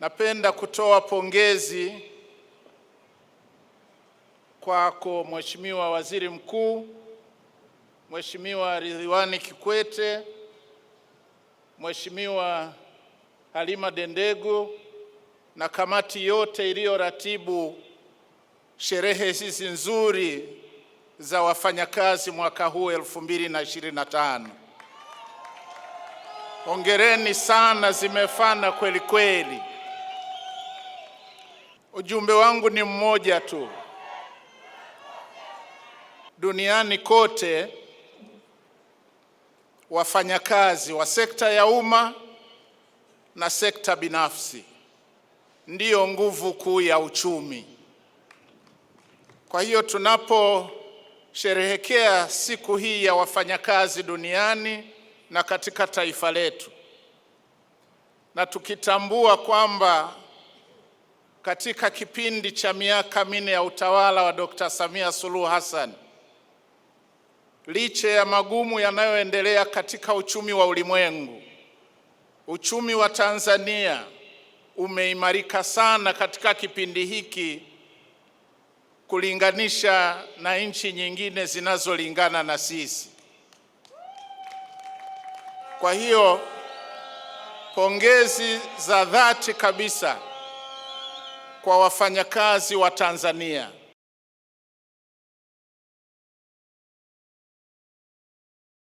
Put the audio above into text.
Napenda kutoa pongezi kwako Mheshimiwa Waziri Mkuu, Mheshimiwa Ridhiwani Kikwete, Mheshimiwa Halima dendego na kamati yote iliyoratibu sherehe hizi nzuri za wafanyakazi mwaka huu 2025. Hongereni sana, zimefana kweli kweli. Ujumbe wangu ni mmoja tu. Duniani kote wafanyakazi wa sekta ya umma na sekta binafsi ndiyo nguvu kuu ya uchumi. Kwa hiyo tunaposherehekea siku hii ya wafanyakazi duniani na katika taifa letu na tukitambua kwamba katika kipindi cha miaka minne ya utawala wa Dkt. Samia Suluhu Hassan, licha ya magumu yanayoendelea katika uchumi wa ulimwengu, uchumi wa Tanzania umeimarika sana katika kipindi hiki kulinganisha na nchi nyingine zinazolingana na sisi. Kwa hiyo pongezi za dhati kabisa kwa wafanyakazi wa Tanzania.